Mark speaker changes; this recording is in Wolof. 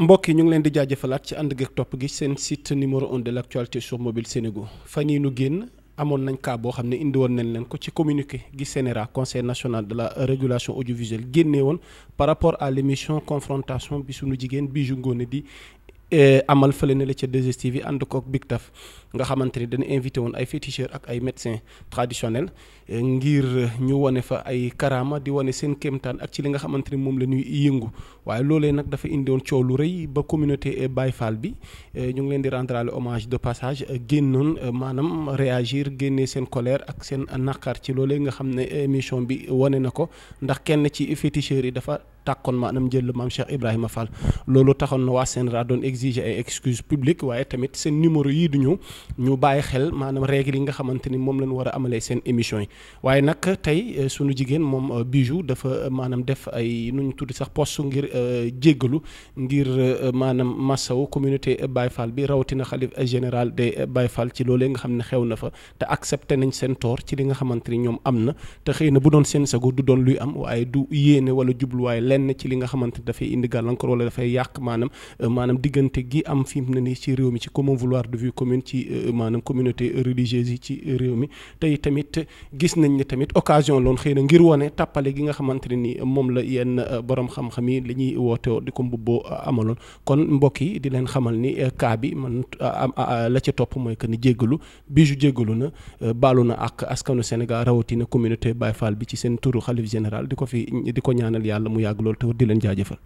Speaker 1: mbokk yi ñu ngi leen di jaajëfalaat ci ànd geeg topp gi seen site numéro un de l' actualité sur mobile Sénégal fan yii nu génn amoon nañ cas boo xam ne indi woon nañ leen ko ci communiqué gi CNRA conseil national de la régulation audiovisuelle génnee woon par rapport à l' émission confrontation bi suñu jigéen Bijou Ngoné di Eh, amal fële na la ca 2STV yi ànd kook Big Taf nga xamante ni dañu invité woon ay féticheurs ak ay médecins traditionnels eh, ngir ñu wane fa ay karaama di wane seen kéemtaan ak ci li nga xamante ni moom la ñuy yëngu waaye loole nag dafa indi woon coow lu rëy ba communauté eh, Baye Fall bi ñu ngi leen di rendre hommage de passage génnoon maanaam réagir génnee seen colère ak seen naqar ci loolee nga xam ne émission bi wane na ko ndax kenn ci féticheurs yi dafa. tàkkoon ma anam jël maam Cheikh Ibrahima Fall loolu taxoon na waa CNRA doon exiger ay excuse publique waaye tamit seen numéro yii du ñëw ñu bàyyi xel maanaam règle yi nga xamante ni moom lañ war a amalee seen émission yi waaye nag tey euh, suñu jigéen moom euh, bijou dafa euh, maanaam def ay nu ñu tuddi sax post ngir jéggalu ngir maanaam massaw communauté Baye Fall bi rawatina xalif général de Baye Fall ci loolee nga xam ne xew na fa te accepté nañ seen tort ci li nga xamante ni ñoom am na te xëy na bu doon seen sago du doon luy am waaye du yéene wala jubluwaay lenn ci li nga xamante dafay indi gàllankoor wala dafay yàq maanaam euh, maanaam diggante gi am fi mu ne nii ci réew mi ci commun vouloir de vie commune ci euh, maanaam communauté religieuse yi ci réew mi tey tamit gis nañ ne tamit occasion loon xëy na ngir wane tàppale gi nga xamante ne ni moom la yenn euh, borom xam-xam yi li ñuy wootewoo di ko mbubboo amaloon kon mbokk yi di leen xamal ni cas bi man la ca topp mooy que ni jéggalu Bijou jéggalu na baalu na ak askanu Sénégal rawatina communauté Baye Fall bi ci seen turu xalif di ko fi di ko ñaanal yàlla mu yàgg dégg loolu te di leen jaajëfal